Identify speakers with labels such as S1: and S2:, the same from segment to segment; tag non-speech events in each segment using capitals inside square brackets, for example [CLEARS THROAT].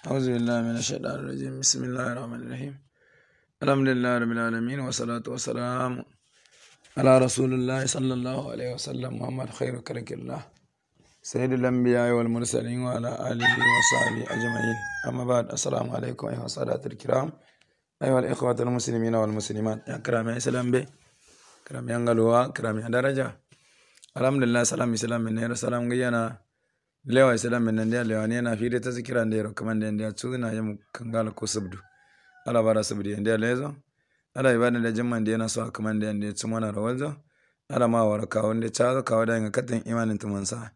S1: أعوذ بالله من الشيطان الرجيم بسم الله الرحمن الرحيم الحمد لله رب العالمين والصلاة والسلام على رسول الله صلى الله عليه وسلم محمد خير كرك الله سيد الأنبياء والمرسلين وعلى آله وصحبه أجمعين أما بعد السلام عليكم أيها الصلاة الكرام أيها الإخوة المسلمين والمسلمات يا كرام يا سلام بي كرام يا كرام يا درجة الحمد لله سلام سلام من نير سلام جينا lewa islam min nandiya lewa ni na fide ta zikira ndero kama ndi ndiya tsu na yamu kangal ko subdu ala bara subdu ndiya lezo ala ibada da jimma ndiya na so kama ndiya ndiya tsu mana rawalzo ala ma wara kawo ndi zo kawo da nga katin imanin tumansa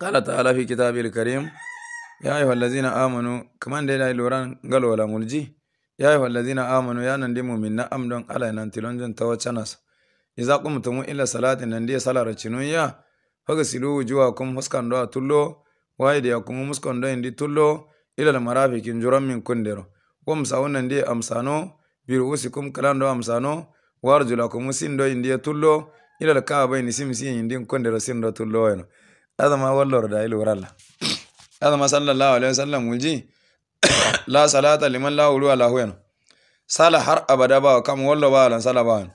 S1: qala ta'ala fi kitabil karim ya ayyuha allazina amanu kama ndi da luran galo la mulji ya ayyuha allazina amanu ya nan dimu minna amdon ala e nan tilonjon tawachanas idza qumtum ila salatin nan ndiya salara cinuya hoga silu wujuwa kum huskan doa tullo waide ya kum muskan doa indi tullo ila al marafiqin juram min kundero wam sawunan di amsano biru kum kalan doa amsano warjula kum sin doa indi tullo ila al kaba ini sim sin indi kundero sin doa tullo eno ma wallor da ilu ralla [CLEARS THROAT] adama sallallahu alaihi wasallam wulji [CLEARS THROAT] la salata liman la wulu ala huyan sala har abada ba kam wallo ba lan sala ba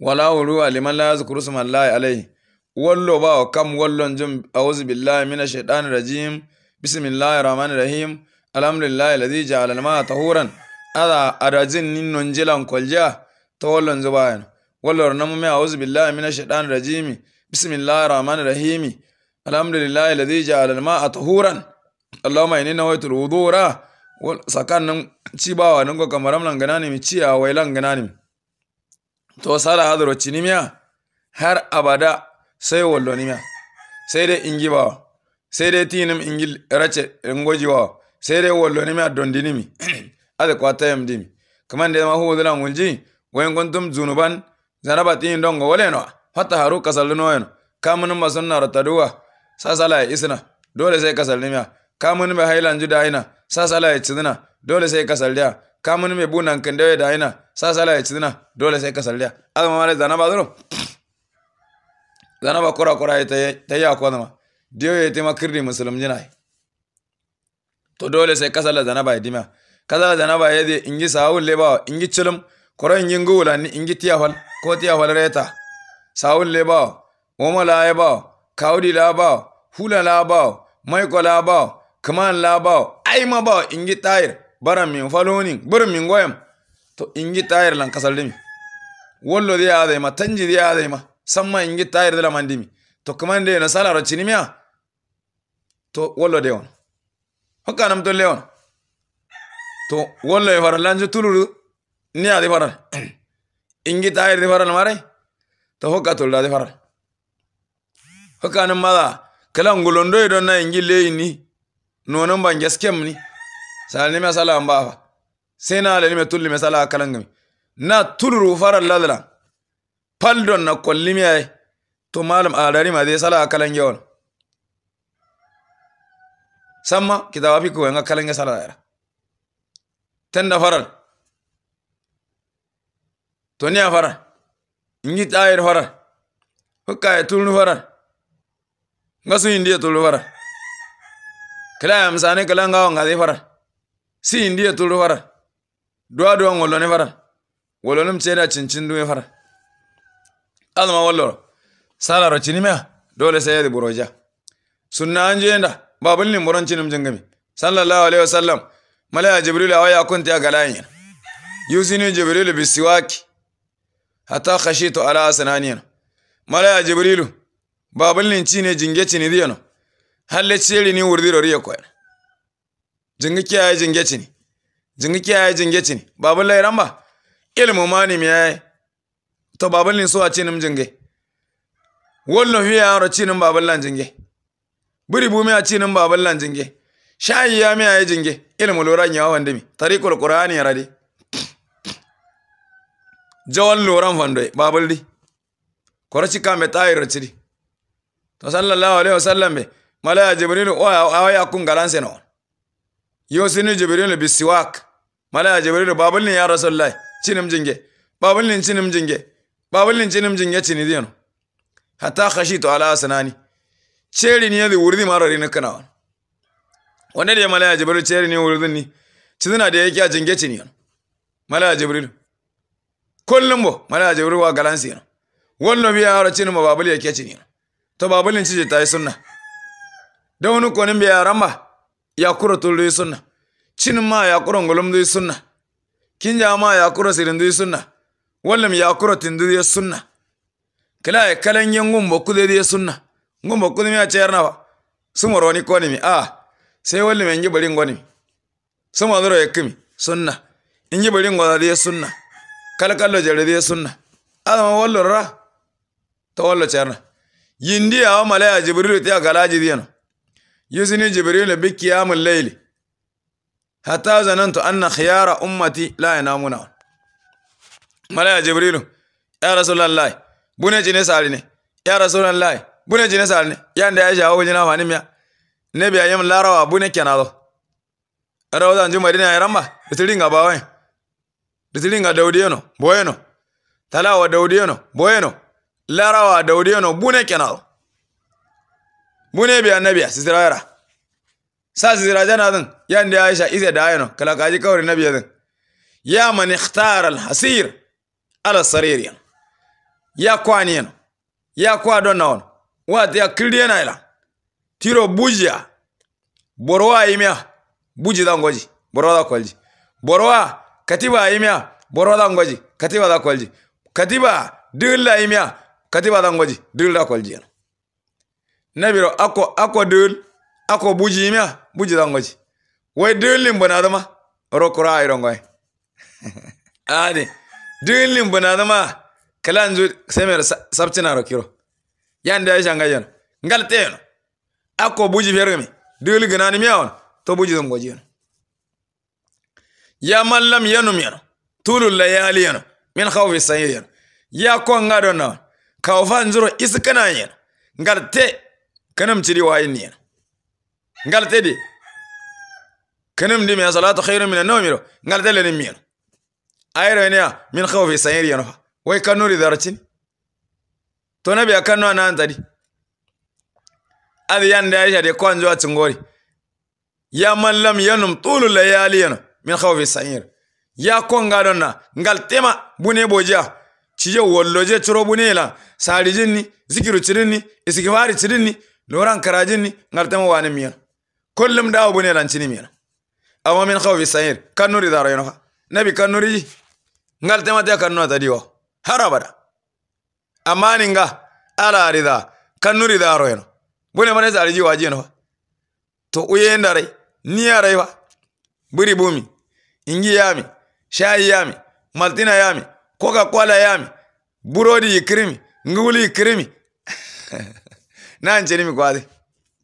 S1: wala wulu liman la yazkuru sma alaihi wallo ba wa kam wallon jin a'udhu billahi mina shaitani rajim bismillahir rahmani rahim alhamdulillahi alladhi ja'ala al-ma'a tahuran ada arajin ninnon jilan kolja ta wallon zubayan wallo na mu mai a'udhu billahi mina shaitani rajim bismillahir rahmani rahim alhamdulillahi alladhi ja'ala al-ma'a tahuran allahumma inni nawaitu al-wudura sakan nan wa nan ko kamaram lan ganani mi ciya wai lan ganani to sala hadro cinimiya har abada sai sai wollonima sede ingibawa sede tinum ingil race wallonimiya dondinimi wollonimi [CLEARS THROAT] addondinimi ade kwatayamdimi da ma huwudula ngunji wayan kuntum zunuban zanaba tin dongo wolenoa hatta haru kasallunoeno kamunum masunnaro taduwa sasala e isna dole sai kasallimiya kamunum be haylanju dayina sasala e cidina dole sai kasalliya kamunum be bunan kendewe dayina sasala e cidina dole sai kasalliya adama mare zanaba zuru [CLEARS THROAT] zana ba kura-kura kura ta yi akwai zama diyo ya taimaka kirdi musulun jina to dole sai kasar da zana ba ya dima da zana ba ya zai ingi sawun lebawa ingi cilim koro ingi ngula ni ingi tiyafal ko tiyafal reta sawun lebawa woma la ya bawa kawudi la bawa hula la bawa maiko la bawa kaman la bawa ai ma bawa ingi tayir baran min falonin burin min goyam to ingi tayir lan kasar dimi wallo zai ya zai ma tanji zai ya zai ma samma ingi tayir dala mandimi to kamande no sala ro cinimiya to wollo de on hokka nam tolle on to wollo e faral lanjo tuluru ni adi In ingi tayir di fara mare to hokka da dadi fara hokka nam mala kala ngolondo e don na ingi ni, nono ban mu ni salni ma sala Sai sena le me tulli me sala gami. na tuluru faral ladala paldon na kollimi yi. to malam a arari ma zai sala kalange on samma kitaba fi ko kalan ya sala tan da farar to niya faral ngi tayir faral hukka e tulnu faral ngasu indiya tulnu faral kila yam sane kila ngawa zai farar si indiya tulnu faral duwa duwa ngolone ce da cincin duwai farar azma walloro salaro mea dole yadi buroja sunna babu ni buron cinim jingami sallallahu alaihi wasallam malaya jibril awaya kunti agalayin yusini jibril bisiwaki hatta khashitu ala asnaniyan malaya jibril babulnin cine jinge cini diyano halle ceri ni wurdiro riya ko jingi kiyaye jinge cini jingi kiyaye jinge cini lairan ba. ilmu mani miyaye to babal ni a cinim jinge wolno ya yaro cinim babal lan jinge buri bumi a cinim babal lan jinge shayi ya mi ayi jinge ilmu loran ya wande mi tariqul qur'ani ya radi jawan loran fandoy babal di koraci kambe tayir cidi to sallallahu alaihi wasallam be malaya jibrilu o awaya kun galan seno yo sinu jibrilu bisiwak malaya jibrilu babal ni ya rasulullahi cinim jinge babal ni cinim jinge wallin jinin jin yace zai diyano hatta to ala ne ceri ne yadi wurdi marari na kana wanda da malaya jibril ne ni wurdin ni cizina da yake a jingace ni malaya jibril kullum bo malaya jibril wa galansi yana wannan biya har cin ma babul yake cin yana to babulin cije ta yi sunna da wani konin biya ramba ya kura tulli sunna cin ma ya kura ngulum dai sunna kin ja ma ya kura sirin dai sunna wallam yakura ya sunna kila ya kalan yin gumbo kude diye sunna gumbo kudu miya cayar nawa sumar wani kone mi a sai wallam yanji bari ngoni mi sumar zuro ya kimi sunna inji bari ngona diye sunna kala kallo jere ya sunna adama wallo ra ta wallo cayar na diya wa malaya jibrilu ta galaji diye no yusini jibrilu bi qiyamul laili hatta zanantu anna khiyara ummati la yanamuna malaya jibrilu ya rasulallah bune jine sare ne ya rasulallah bune jine sare ne ya nda aisha shawo jina wani miya ne biya yim larawa bune wajen rawda nju madina ya ramba ditilinga bawen daudi daudiyono boyeno talawa daudi daudiyono boyeno larawa daudi yano, bune kenado bune biya nabiya sisirayara sa sisira jana din ya nda Aisha, sha ize da ayeno kala kaji kawri nabiya din ya man ikhtara al hasir ala saririyan ya kwaniyan ya kwa don naon wata ya kirdiyan ila tiro bujiya borwa imya buji da ngoji borowa da kwalji borowa katiba imya borowa da ngoji katiba da kwalji katiba dilla imya katiba da ngoji da kwalji na biro ako ako dul ako buji imya buji da ngoji wai dullin bana dama rokura iron goy [LAUGHS] adi. dilin bunadama kalanzu semer sabtina rokiro yanda shanga yen ngal teno ako buji fermi dili gnani miawon to buji dum goji ya mallam yanum yano tulul layali yano min khawfi sayyan ya ko ngado na kawfan zuro iskana yen ngal te kanam ciri wayin yen ngal te di kanam di mi salatu khairun min an-nawm ngal te lenin yano ayrenia min khawfi sayiriyan fa way kanuri darcin to nabi akanno anan tadi adi yande aisha de kwanjo atungori ya mallam yanum tulu yana min khawfi sayir ya konga donna ngal tema bune boja cije wolloje curo bune la sarijinni zikiru cirinni isigifari cirinni loran karajinni ngal tema wani miya kullum dawo bune lancini miyan amma min khawfi sayir kanuri daro yana nabi kanuri ngal temate kannu atadiwo harabada amani nga ala rida kannu ridaro royno bune mane sariji wajino to uyendarai niyarai fa buri bumi ingi yami shayi yami maltina yami koka kwala yami burodi yikirimi nguli yikirimi [LAUGHS] nanchenimi kwadi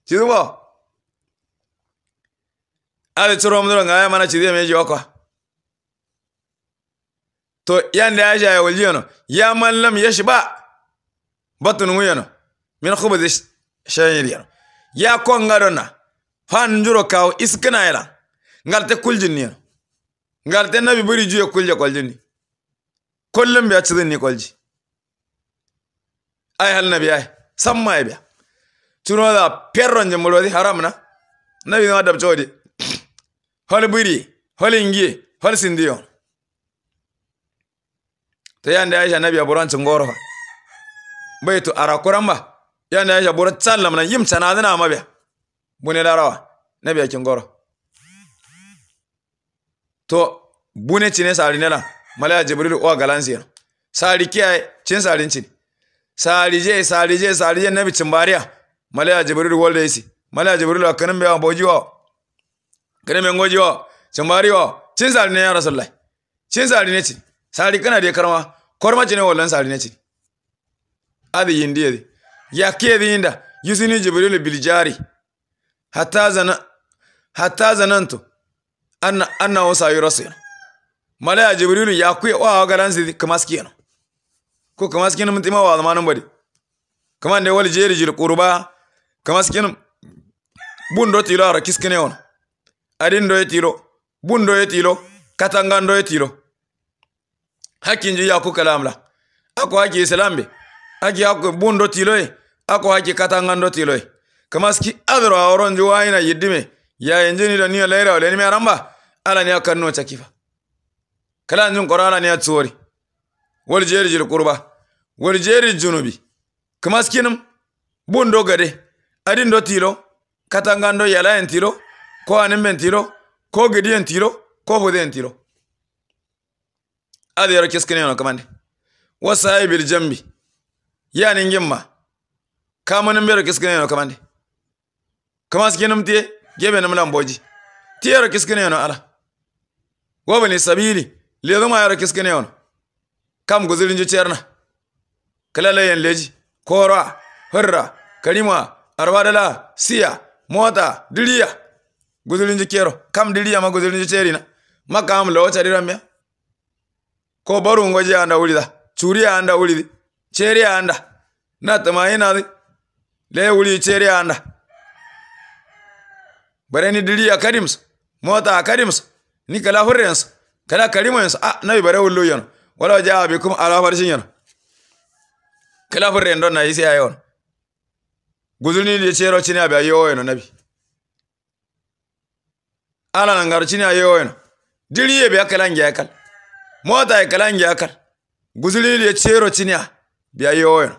S1: chidubo choro choromdoro ngaya mana chidie meji okwa to yanda ya jaya yano. ya mallam ya shi ba, batun wuyano min khubuz yano. ya ko ngadona Fan juro kaw iskana yala ngalte kuljinni ngalte nabi buri juye kulje kuljinni kullum biya cidin ni kulji ay hal nabi ay samma ay biya tuno da perron jemulodi haram na nabi ma dab jodi hol buri hol ingi, hol sindiyon to yanda ya nabi nabiya buran tsingoro bai to arakuran ba yanda ya sha bura tsallam nan yim tsana zina mabiya bune larawa nabiya goro to bune cine sari nela malaya jibril o galansiyan sari kiyaye cin sarin cin sari je sari je sari je nabi bariya malaya jibril wolde isi malaya jibril akanin bewa bojiwa kanin bengojiwa wa cin sari ne ya rasulullahi cin sari ne cin sari kana de karma korma jine wallan sari ne ci adi yindiye ya ke yinda yusini jibril bil jari hatta zana hatta zananto anna anna wasa yurasil malaya jibril ya ku wa garan si kamaskiyano ko kamaskiyano mun tima wa zamanin bade kaman da wal jeri jil qurba kamaskiyano bundo tilo ara kiskene on adin do tilo bundo tilo katangando tilo hakkin ju yaku kalamla ako haki islambe haki ako bundo tiloye ako haki katangando tiloye kamaski adro awron ju waina yiddime ya enjini do niyo leira ole ni aramba ala ni akanno chakifa kala njun qur'ana ni atsori wal jeri jil walijeri wal jeri junubi nam bundo gade adin do tilo katangando yala en tilo ko anen men tilo ko gediyen tilo ko hoden tilo adiyar ne no kamande wa sahibil jambi yani ngimma kamanin bero ne no kamande kama skinum tiye gebe nam lamboji tiyero ne no ala Gobe ne, sabili lezo ma yero ne no kam guzirin jucerna kalalayen leji kora hurra karima arwadala siya mota diriya guzirin kero. kam diriya ma guzirin jicerina makam lo chariramya ko baru ngoje anda da, churi anda ulidi cheri anda na tamaina le uli cheri anda ni dili ya karims mota akadims ni kala hurrens kala karimens a nabi bare ullu yon wala jaa bikum ala farshin yon kala hurren don na isi ayon guzuni da cero cini abi ayo yana nabi ala nan garu cini ayo yana diri ya bi akala ngi akala mota ekalangi akal guzulili echero chinia bia yoyono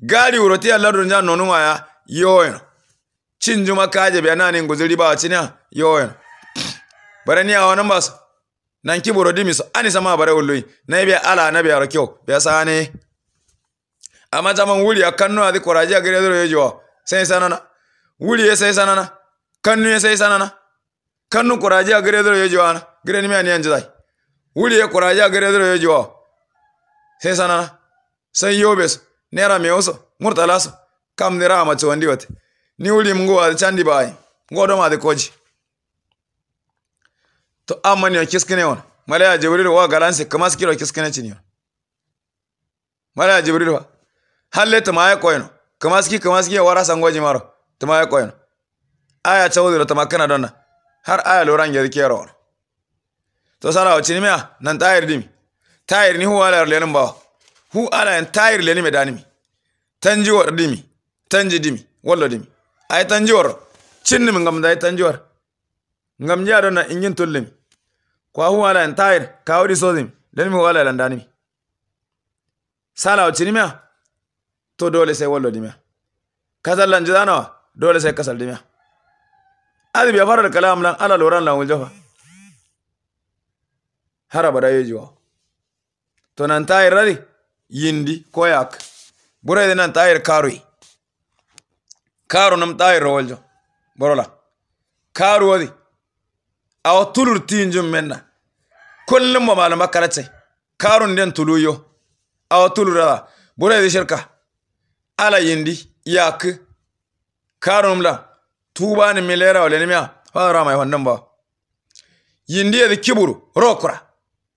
S1: gali uroti alado nya nonunga ya yoyono chinjuma kaje bia nani nguzuli ba chinia yoyono barani awana mbas nan kiburo dimiso ani sama bare ullui na bia ala na bia rakyo bia sane amma zaman wuli akanno adi koraje agire doro yojo sai sanana wuli ya sai sanana kannu ya sai sanana kannu koraje agire doro yojo ana gire ni me wuri ya kuraja gare da ya jiwa sai sana sai yobes nera me oso murtala so kam nira ama chondi wate ni wuri mungu wa chandi bai ngodo ma de koji to amani kiskene on malaya jibril wa galanse kama sikiro kiskene chini malaya jibril wa halle tamaya koyno kama siki kama siki wara sangoji maro tamaya koyno aya chawdi ro tamakana donna har aya loran yadi kero to wa cini mea nan tayir dimi tayir ni huwa layar lenin bawa hu ala yan tayir leni me danimi tanji war dimi tanji dimi wallo dimi ay tanji war cinni mi ngam dai tanji war ngam ja na ingin tullimi kwa huwa ala yan tayir so sozimi leni mi huwa layar danimi wa cini mea to dole sai wallo dimi kasal lan jidanawa dole sai kasal dimi adi biya da kalam lan ala loran lan wuljafa har abada jiwa to nan tayir rari yindi ko bura burede nan tayir karui karu nam tayir rowoljo borola karu wadi awa tulur tinjum menna kullum ma malama karace karun den tuluyo awa tulurada burede shirka ala yindi yak karunum la ni milera fa rama yi wannan ba yindi yadi kiburu rokura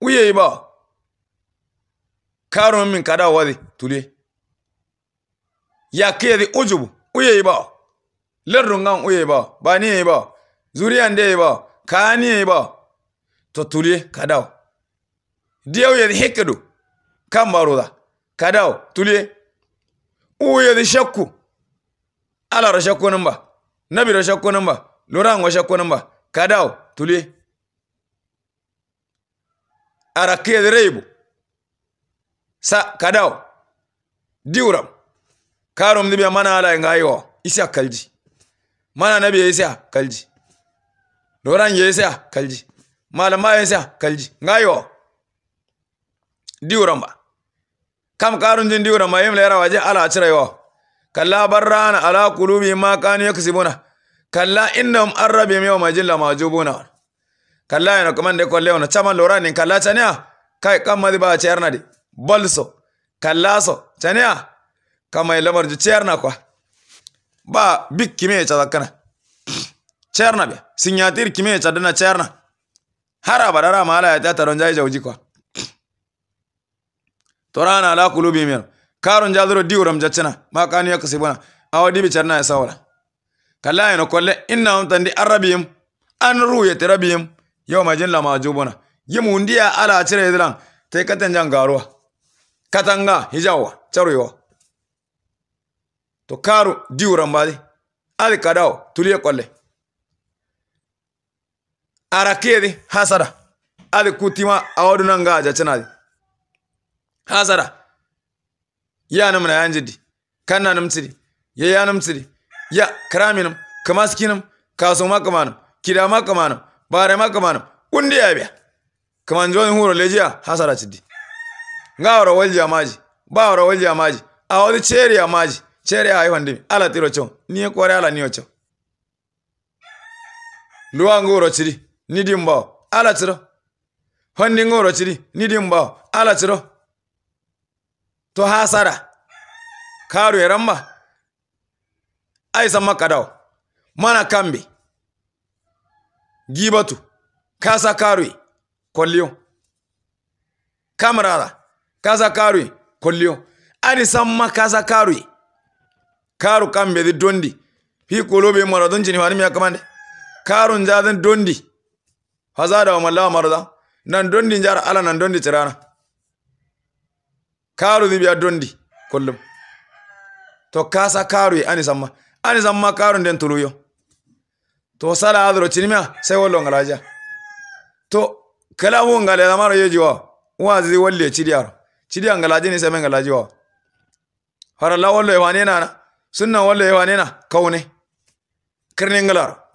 S1: uye ba karo min kada wadi tule ya kiyadi ujubu uye ba lerrun gan uye ba ba ni ba zuriyan de ba ka ni ba to tule kada diyaw yadi hikedo kan da kada tule uye di shakku ala ra shakku nan ba nabi ra shakku nan ba loran wa shakku nan ba kada tule arakia reybo sa kadawo diwram karom nibiya mana ala e ngayiwo isi akalji kalji mana nabi isi akalji kalji loran yesi a kalji ma yesi a kalji ngayiwo ba kam karo jin diwram ma yimla yara waje ala acira yo kala barana ala kulubi ma kanu yakzibuna kalla innahum an rabihim yawma jilla majubuna kalla eno kamande kolle caman chama lorani kalla chania kai kamma di ba na di bolso kallaso chania kama ila marju na kwa ba bik kime cha dakana na be sinyatir kime cha dana cherna hara badara mala ya tata ronjai jauji kwa torana ala kulubi mero karon jadro diuram jachana ma kanu yakasibuna awadi bi cherna ya sawala kalla eno kolle inna hum tandi arabiyum an ruyati yin. yau mai jin lama yi mundi hundiya ala cire zilan katan jan garuwa katanga hijawa charuwa to karu diuran badi ali kadao tuliye kolle zai hasara ali kutima awoduna ngaja zai hasara yanam na yanjidi kanna yi ya yanam tsidi ya kraminam kamaskinim kasoma kamanam kidama kamanam kaman kundi ya biya kaman joni huro lejiya hasara sara nga wara walji amaji ba wara walji amaji a wadi ceri amaji ceri a hifandimi ala tiro cow ni re ala niyo ocho luwa nguro cidi ni dimbawo ala tiro hondi nguro cidi ni dimbawo ala tiro to hasara karu e ramba ay samma kadaw mana kambi gibatu kasa karwe kolio kamarara kasa karwe kolio adi samma kasa karwe karu kambe di dondi fi kolobe maradun jini fani miya kamande karu jazin dondi hazada wa malawa marada nan dondi njara ala nan dondi tirana karu zibiya dondi kullum to kasa karwe ani samma ani samma karu den tuluyo to sala adro chinima sai wallo ngalaja to kala hu ngale da maro yeji wa zi walle cidiar cidiar ngalaje ne sai men ngalaji wa har la wallo yawane na sunna wallo yawane na kaune kirne ngalaro